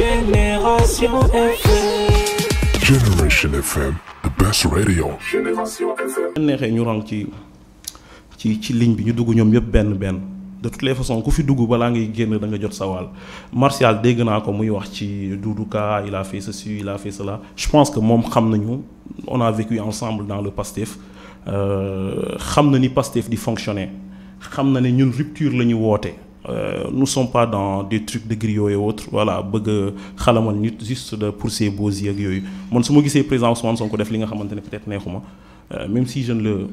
Génération FM. Génération FM, the best radio. Génération FM. ligne de toutes les façons Martial dégg ko muy wax ci il a fait ceci il a fait cela je pense que moom xam on a vécu ensemble dans le Pastef euh, xam na ni Pastef di fonctionner xam rupture la ñu euh, nous ne sommes pas dans des trucs de griot et autres voilà bëgg xalamal nit juste de pour ces beaux yeux ak Mon man su ma gisee président Ousmane Sonko def li nga xamante peut être neexuma euh, même si je ne le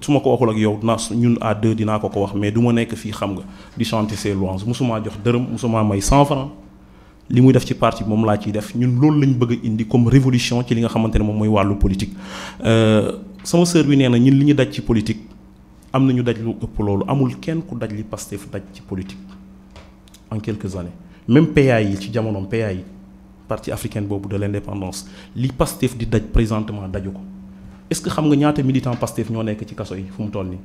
tout euh, ma ko waxul ak yow dinaa ñun à deux dina ko ko wax mais du ma nekk fii xam nga di chanter ses louanges mosumaa jox dërëm mosumaa may cent francs li muy def ci parti moom laa ciy def ñun loolu lañ bëgg indi comme révolution ci li nga xamante ne moom mooy wàllu politique euh, sama sœur bi nee na ñun li ñu daj ci politique am na ñu daj lu ëpp loolu amul kenn ku daj li Pastef daj ci politique en quelques années même PA yi ci jamonoom PA yi parti africaine boobu de l'indépendance li Pastef di daj présentement daju ko est-ce que xam nga ñaata militant Pastef ñoo nekk ci kaso yi fu mu toll nii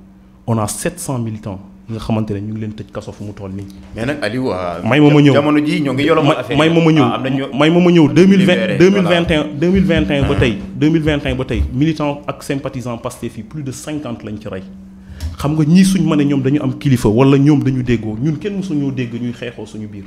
on a 700 militants nga xamante ne ñu ngi leen tëj kaso fu mu toll nii. mais nag Aliou. Euh, may ma ma ñëw jamono jii ñoo ngi affaire ah, may ma ma ñëw may ma ma ñëw deux 2021 et ba tey. 2021 ah. ba tey militants ak sympathisants Pastef yi plus de 50 lañ ci rey xam nga ñii suñ ma ñom dañu am kilifa wala ñom dañu déggo ñun kenn mësu mësuñoo dégg ñuy xéxoo suñu biir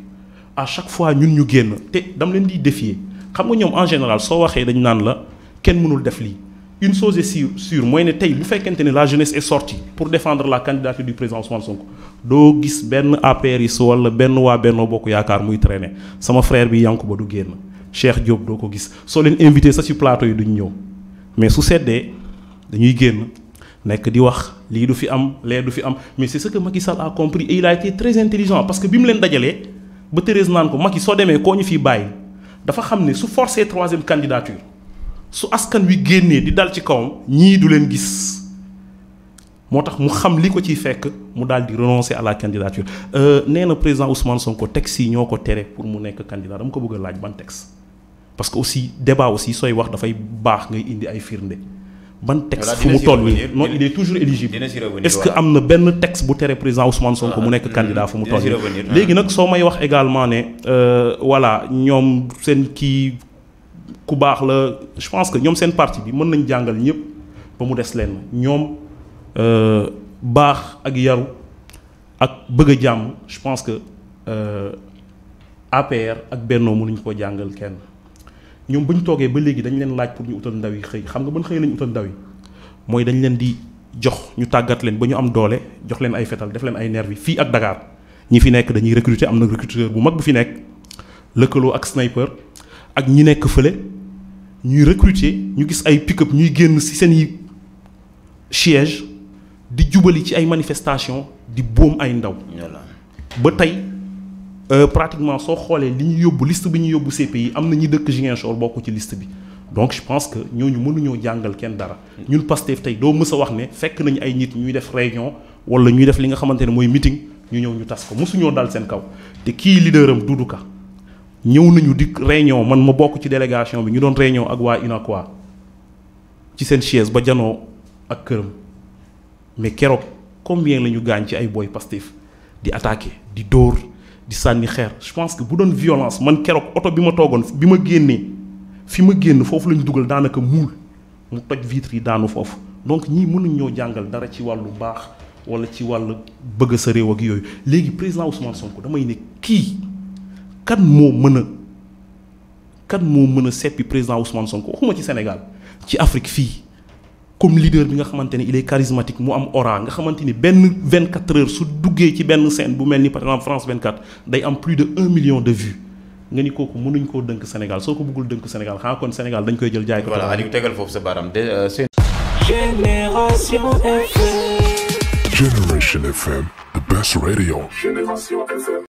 à chaque fois ñun ñu génn te dam leen di défier xam nga ñom en général soo waxee dañu naan la kenn mënul def lii une chose est sûre sûre mooy ne tey bu fekkente ne la jeunesse est sortie pour défendre la candidature du président Ousmane Sonko doo gis benn APRiste wala benn waa Benno Bokk Yaakaar muy traîner sama frère bi ba du génn Cheikh Diop doo ko gis soo leen invité sa ci plateau yi duñ ñëw mais su seddee dañuy génn nekk di wax lii du fi am lee du fi am mais c'est ce que Macky Sall a compris et il a été très intelligent parce que bi mu leen dajalee ba Thérèse naan ko Macky soo demee koo ñu fi bàyyi dafa xam ne su forcé troisième candidature su askan wi génnee di dal ci kawam ñii du leen gis moo tax mu xam li ko ciy fekk mu daal di renoncer à la candidature euh, nee na président Ousmane Sonko texte yi ñoo ko tere pour mu nekk candidat dama ko bëgg a laaj ban texte parce que aussi débat aussi sooy wax dafay baax ngay indi ay firnde ban texte fu mu toll nii non il est toujours éligible est-ce que am na benn texte bu tere président Ousmane Sonko mu ah, nekk candidat fu mu toll nii ah. léegi nag soo may wax également ne euh, voilà ñoom seen kii ku baax la je pense que ñoom seen parti bi mën nañ jàngal ñëpp ba mu des leen ñoom euh, baax ak yaru ak bëgg a jàmm je pense que euh, APR ak Benno mënuñ ko jàngal kenn nous sommes toogee ba léegi dañ leen laaj pour ñu utal ndaw yi xam nga xëy utal ndaw yi mooy dañ leen di jox ñu leen ba ñu am doole jox leen ay def leen ay ak Dakar ñi fi nekk dañuy recruter am recruteur bu mag bu fi nekk ak sniper ak ñi nekk fële ñuy recruter ñu gis pick-up ñuy génn ci seen siège di jubali ci ay manifestation di ay ndaw ba euh, pratiquement soo xoolee li ñu yóbbu liste bi ñu yóbbu CPI am na ñi dëkk Ziguinchor bokk ci liste bi donc je pense que ñooñu mënuñoo jàngal kenn dara. ñun Pastef tey doo mës a wax ne fekk nañ ay nit ñuy def réunion wala ñuy def li nga xamante ne mooy meeting ñu ñëw ñu tas ko mosuñoo dal seen kaw te kii leader am Doudou Ka ñëw nañu di réunion man ma bokk ci délégation bi ñu doon réunion ak waa UNACOIS ci seen chaise ba janoo ak këram mais keroog combien lañu ñu gaañ ci ay boy Pastef di attaquer di dóor di sànni xeer je pense que bu doon violence man keroog oto bi ma toogoon bi ma génnee fi ma génn foofu lañ dugal daanaka muul mu toj vitre yi daanu foofu donc ñii mënuñ ñoo jàngal dara ci wàllu baax wala ci wàllu bëgg sa réew ak yooyu léegi président Ousmane Sonko damay ne kii kan moo mën a kan moo mën a seppi président Ousmane Sonko waxuma ci Sénégal ci Afrique fii comme leader bi nga xamanteni il est charismatique mu am aura nga xamanteni ben 24 heures su duggé ci ben scène bu melni par exemple France 24 day am plus de 1 million de vues nga ni kooku mënuñ ko dënk Sénégal soko bëggul dënk Sénégal xanaa kon Sénégal dañ koy jël jaay ko. voilà Aliou tégal fofu sa baram de euh, Génération FM. Génération FM, the best radio. Génération FM.